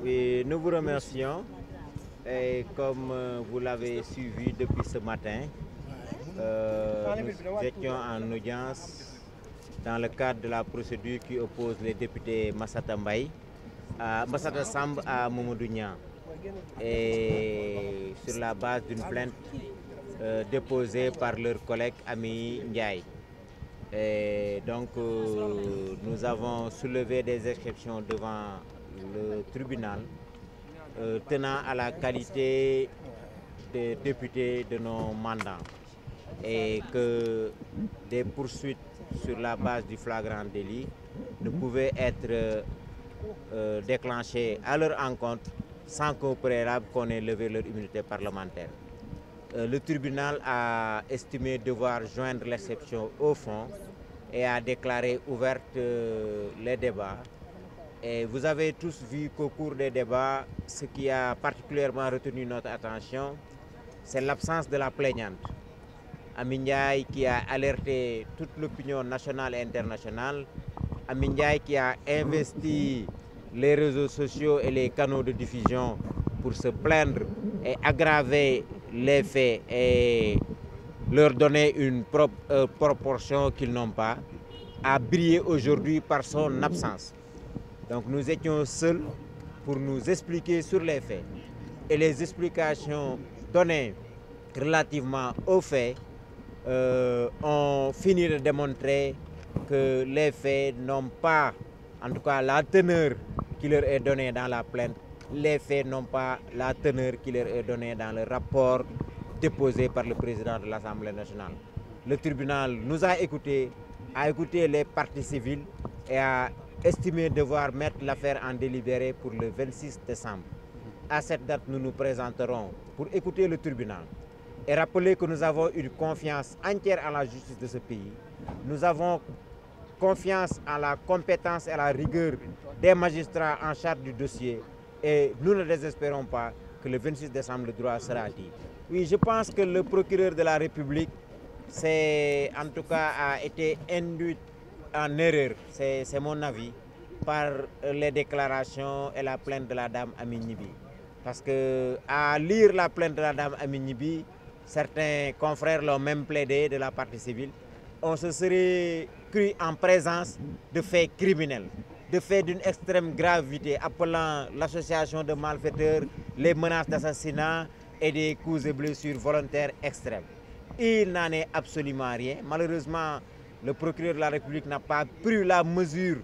Oui, nous vous remercions. Et comme euh, vous l'avez suivi depuis ce matin, euh, nous étions en audience dans le cadre de la procédure qui oppose les députés Massata Mbaye à Massata Samb à et sur la base d'une plainte euh, déposée par leur collègue Ami Ndiaye. Et donc euh, nous avons soulevé des exceptions devant le tribunal euh, tenant à la qualité des députés de nos mandants et que des poursuites sur la base du flagrant délit ne pouvaient être euh, déclenchées à leur encontre sans qu'au préalable qu'on ait levé leur immunité parlementaire. Euh, le tribunal a estimé devoir joindre l'exception au fond et a déclaré ouverte euh, les débats Et vous avez tous vu qu'au cours des débats, ce qui a particulièrement retenu notre attention, c'est l'absence de la plaignante. Amindiaï qui a alerté toute l'opinion nationale et internationale. Amindiaï qui a investi les réseaux sociaux et les canaux de diffusion pour se plaindre et aggraver les faits et leur donner une prop euh, proportion qu'ils n'ont pas, a brillé aujourd'hui par son absence. Donc nous étions seuls pour nous expliquer sur les faits. Et les explications données relativement aux faits euh, ont fini de démontrer que les faits n'ont pas, en tout cas la teneur qui leur est donnée dans la plainte, les faits n'ont pas la teneur qui leur est donnée dans le rapport déposé par le président de l'Assemblée nationale. Le tribunal nous a écoutés, a écouté les parties civiles estimé devoir mettre l'affaire en délibéré pour le 26 décembre. À cette date, nous nous présenterons pour écouter le tribunal et rappeler que nous avons une confiance entière en de ce pays. Nous avons confiance en la compétence et à la rigueur des magistrats en charge du dossier et nous ne désespérons pas que le 26 décembre, le droit sera dit. Oui, je pense que le procureur de la République c'est en tout cas a été induit en erreur c'est c'est mon avis par euh, les déclarations et la plainte de la dame Ami Gnibi parce que à lire la plainte de la dame Ami Gnibi certains confrères lon même plaidé de la partie civile on se serait cru en présence de faits criminels de faits d'une extrême gravité appelant l'association de malfaiteurs les menaces d'assassinat et des coups et blessures volontaires extrêmes il n'en est absolument rien malheureusement le procureur de la République n'a pas pris la mesure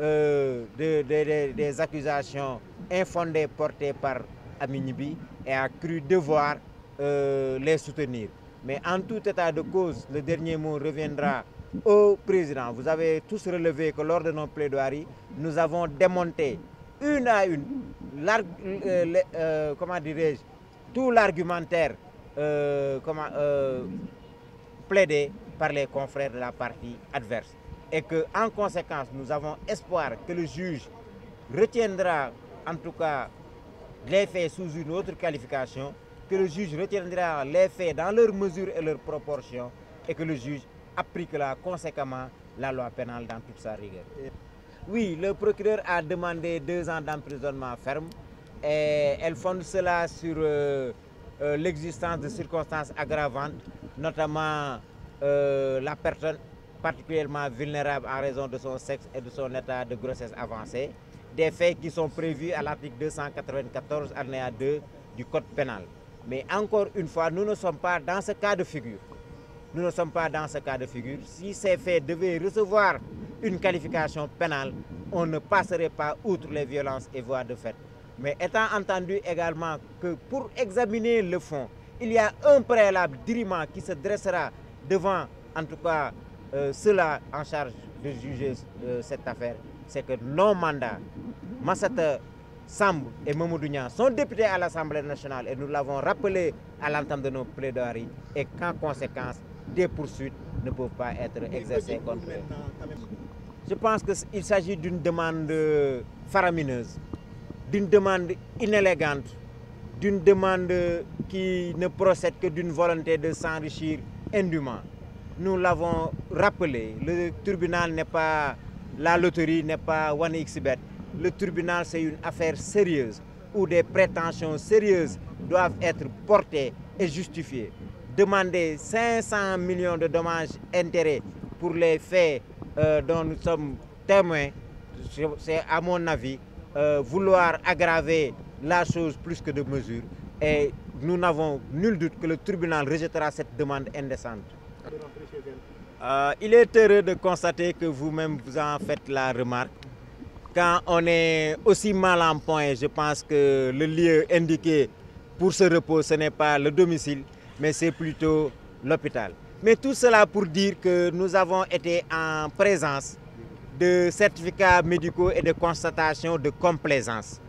euh, de, de, de, des accusations infondées portées par Aminibi et a cru devoir euh, les soutenir. Mais en tout état de cause, le dernier mot reviendra au président. Vous avez tous relevé que lors de nos plaidoiries, nous avons démonté une à une, euh, euh, comment dirais-je, tout l'argumentaire euh, comment, euh, plaidé par les confrères de la partie adverse. Et que, en conséquence, nous avons espoir que le juge retiendra, en tout cas, les faits sous une autre qualification, que le juge retiendra les faits dans leurs mesure et leurs proportion et que le juge appliquera conséquemment la loi pénale dans toute sa rigueur. Oui, le procureur a demandé deux ans d'emprisonnement ferme et elle fonde cela sur euh, euh, l'existence de circonstances aggravantes notamment euh, la personne particulièrement vulnérable en raison de son sexe et de son état de grossesse avancée, des faits qui sont prévus à l'article 294, alinéa 2 du Code pénal. Mais encore une fois, nous ne sommes pas dans ce cas de figure. Nous ne sommes pas dans ce cas de figure. Si ces faits devaient recevoir une qualification pénale, on ne passerait pas outre les violences et voies de fait. Mais étant entendu également que pour examiner le fond, il y a un préalable diriment qui se dressera devant, en tout cas, euh, ceux en charge de juger euh, cette affaire. C'est que nos mandats, Massata Samb et du Niang son députés à l'Assemblée nationale et nous l'avons rappelé à l'entame de nos plaidoiries et qu'en conséquence, des poursuites ne peuvent pas être exercées contre eux. Je pense qu'il s'agit d'une demande euh, faramineuse, d'une demande inélégante, d'une demande qui ne procède que d'une volonté de s'enrichir indûment. Nous l'avons rappelé, le tribunal n'est pas la loterie, n'est pas OneXBet. Le tribunal, c'est une affaire sérieuse où des prétentions sérieuses doivent être portées et justifiées. Demander millions de dommages intérêts pour les faits euh, dont nous sommes témoins, c'est à mon avis, euh, vouloir aggraver la chose plus que de mesure et nous n'avons nul doute que le tribunal rejettera cette demande indécente. Euh, il est heureux de constater que vous-même vous en faites la remarque. Quand on est aussi mal en point, je pense que le lieu indiqué pour ce repos, ce n'est pas le domicile, mais c'est plutôt l'hôpital. Mais tout cela pour dire que nous avons été en présence de certificats médicaux et de constatations de complaisance.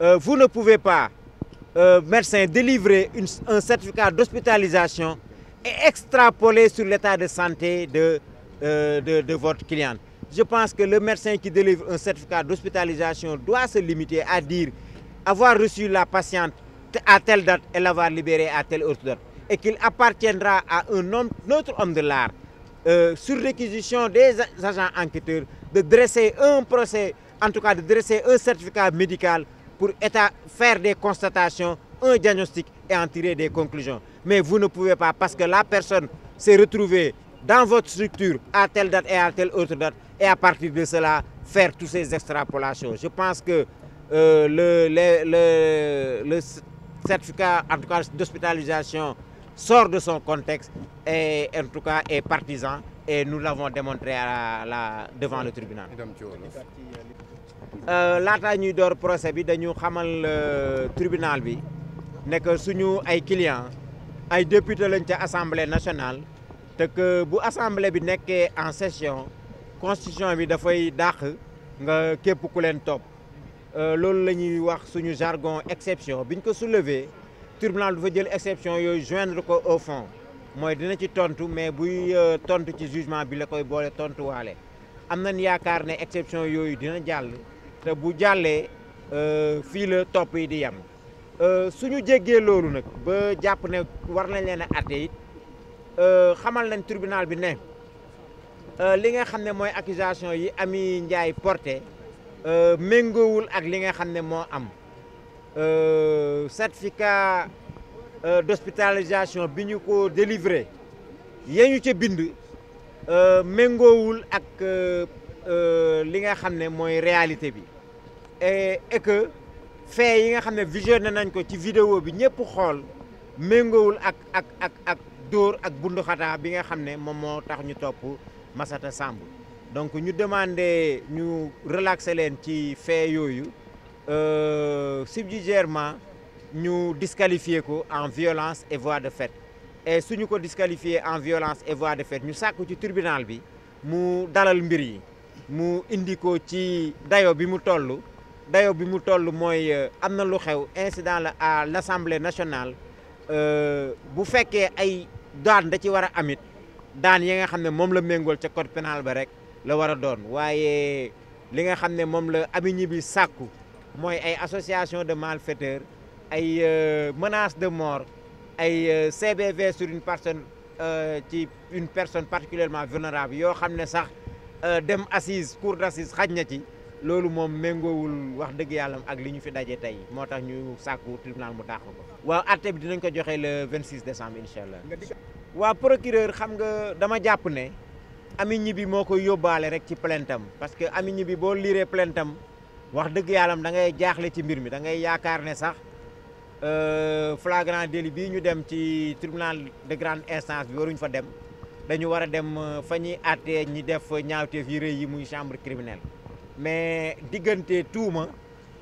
euh, vous ne pouvez pas, euh, médecin, délivrer une, un certificat d'hospitalisation et extrapoler sur l'état de santé de, euh, de, de, votre cliente. Je pense que le médecin qui délivre un certificat d'hospitalisation doit se limiter à dire avoir reçu la patiente à telle date et l'avoir libérée à telle autre date. Et qu'il appartiendra à un homme, autre homme de l'art, euh, sur réquisition des agents enquêteurs, de dresser un procès, en tout cas de dresser un certificat médical pour état faire des constatations, un diagnostic et en tirer des conclusions. Mais vous ne pouvez pas parce que la personne s'est retrouvée dans votre structure à telle date et à telle autre date et à partir de cela faire toutes ces extrapolations. Je pense que euh, le, le, le, le, certificat en tout cas d'hospitalisation sort de son contexte et en tout cas est partisan et nous l'avons démontré à la, la, devant le tribunal. Euh, laataa ñuy door procès bi dañu xamal euh, tribunal bi ne suñu ay clients ay député lañ ca assemblée nationale te que bu assemblée bi nekkee en session constitution bi dafay dàq nga képp ku leen topp euh, loolu la ñuy wax suñu jargon exception bi ñu ko soulever tribunal dafa jël exception yooyu joindre ko au fond mooy dina ci tontu mais buy tontu ci jugement bi la koy boole tontuwaale am nañ yaakaar ne exception yooyu dina jàll. te bu jàllee euh, fii la topp yi di yem euh, suñu jéggee loolu nag ba jàpp ne war nañ leen a atte it euh, xamal nañ tribunal bi ne li nga xam ne mooy accusation yi Amy Ndiaye porté méngoowul ak li nga xam ne moo am certificat d'hospitalisation bi ñu ko délivré yee ñu ca bind méngoowul ak li nga xam ne mooy réalité bi et et que yi nga xam ne visionné nañ ko ci vidéo bi ñëpp xool méngoowul ak ak ak ak dóor ak bunduxataa bi nga xam ne moom moo tax ñu topp Massata Samb donc ñu demandé ñu relaxé leen ci fait yooyu euh, subsidiairement ñu disqualifié ko en violence et voie de fait et suñu ko disqualifié en violence et voie de fait ñu sàkku ci tribunal bi mu dalal mbir yi mu indi ko ci dayo bi mu toll dayo bi mu toll mooy euh, am na lu xew incident la à l'Assemblée nationale euh, bu fekkee ay daan da ci war a amit daan yi nga xam ne moom la méngool ca code pénal ba rek la war a doon waaye li nga xam ne moom la ami ñibbi sàkku mooy ay association de malfaiteurs ay euh, menace de mort ay CBV sur une personne ci une personne particulièrement vulnérable yoo xam ne sax dem assise cour d'assise xaj na ci loolu moom méngoowul wax dëgg yàlla ak li ñu fi daje tey moo tax ñu sàkku tribunal mu dàq ko waaw atte bi dinañ ko joxe le 26 décembre incha allah waaw procureur xam nga dama jàpp ne ami ñi bi moo koy yóbbaale rek ci plainte am parce que ami ñi bi boo liiree plainte wax dëgg yàlla da ngay jaaxle ci mbir mi da ngay yaakaar ne sax euh, flagrant délit bi ñu dem ci tribunal de grande instance bi waruñ fa dem dañu war a dem euh, fa ñuy àttee ñi def ñaawteef yi rëy yi muy chambre criminelle mais diggante tuuma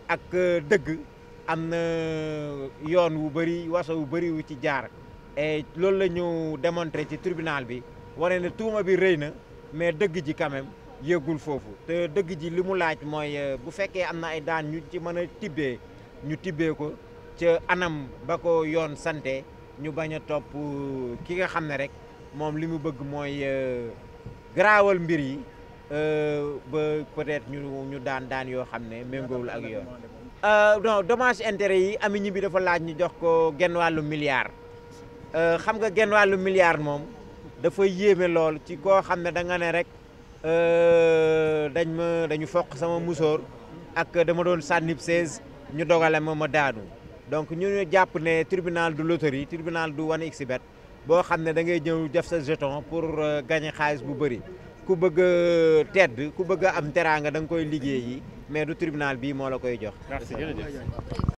ak euh, dëgg am na euh, yoon wu bëri waso wu bëri wu ci jaar et loolu lañu ñu ci tribunal bi ware na tuuma bi rëy na mais dëgg ji quand même yëgul foofu te dëgg ji li mu laaj mooy euh, bu fekkee am na ay daan ñu ci mën a tibbee ñu tibbee ko ca anam bako yoon sante ñu bañ a topp ki nga xam ne rek moom li mu bëgg mooy garaawal mbir yi Euh, ba peut ñu ñu daan daan yoo xam ne méngoowul ak yoon euh, non dommage intérêt yi ami ñi bi dafa laaj ñu jox ko genn wàllu milliard euh, xam nga genn wàllu milliard moom dafa yéeme lool ci koo xam ne da nga ne rek dañ ma dañu foq sama musóor ak dama doon sànni sànnib 16 ñu dogale ma ma daanu donc ñu jàpp ne tribunal du loterie tribunal du 1xBet boo xam ne da ngay ñëw def sa geton pour gañ xaalis bu bëri ku bëgg a tedd ku bëgg a am teraanga da nga koy liggéey mais du tribunal bii moo la koy jox.